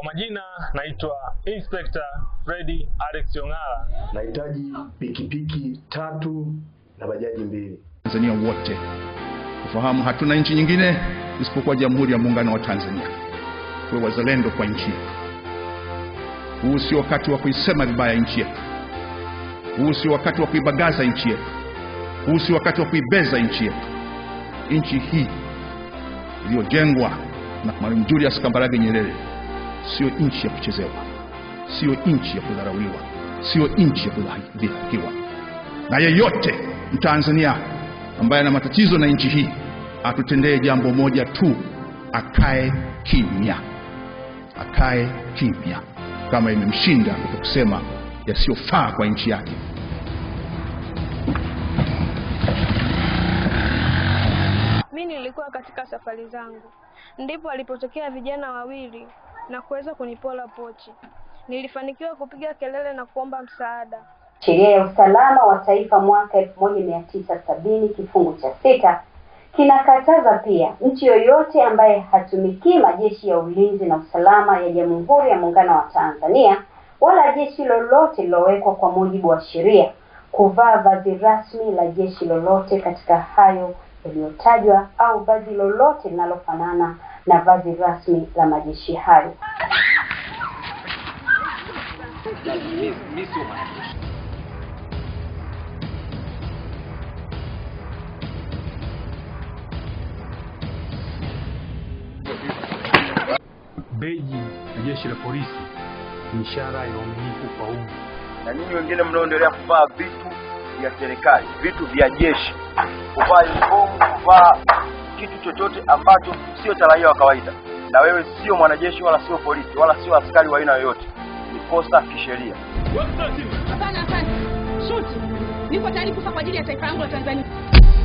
Kwa majina naitwa Inspector Freddy Alex Yongala. Nahitaji pikipiki tatu na bajaji mbili. Tanzania wote kufahamu hatuna nchi nyingine isipokuwa Jamhuri ya Muungano wa Tanzania. Tuwe wazalendo kwa nchi yetu. Huu sio wakati wa kuisema vibaya nchi yetu. Huu sio wakati wa kuibagaza nchi yetu. Huu sio wakati wa kuibeza nchi yetu. Nchi hii iliyojengwa na Mwalimu Julius Kambarage Nyerere siyo nchi ya kuchezewa, siyo nchi ya kudharauliwa, siyo nchi ya kudhihakiwa. Na yeyote Mtanzania ambaye ana matatizo na nchi hii atutendee jambo moja tu, akae kimya, akae kimya kama imemshinda kusema yasiyofaa kwa nchi yake. Mimi nilikuwa katika safari zangu, ndipo alipotokea vijana wawili na kuweza kunipola pochi. Nilifanikiwa kupiga kelele na kuomba msaada. Sheria ya usalama wa taifa mwaka elfu moja mia tisa sabini kifungu cha sita kinakataza pia mtu yoyote ambaye hatumikii majeshi ya ulinzi na usalama ya Jamhuri ya Muungano wa Tanzania wala jeshi lolote lilowekwa kwa mujibu wa sheria kuvaa vazi rasmi la jeshi lolote katika hayo yaliyotajwa au vazi lolote linalofanana na vazi rasmi la majeshi hayo. Beji ya jeshi la polisi ni ishara ya uaminifu kwa umma. Na ninyi wengine mnaoendelea kuvaa vitu vya serikali, vitu vya jeshi, kuvaa uniform, kuvaa kitu chochote ambacho sio cha raia wa kawaida, na wewe sio mwanajeshi wala sio polisi wala sio askari wa aina yoyote, ni kosa kisheria. Hapana, hapana, shuti, niko tayari kufa kwa ajili ya taifa langu la Tanzania.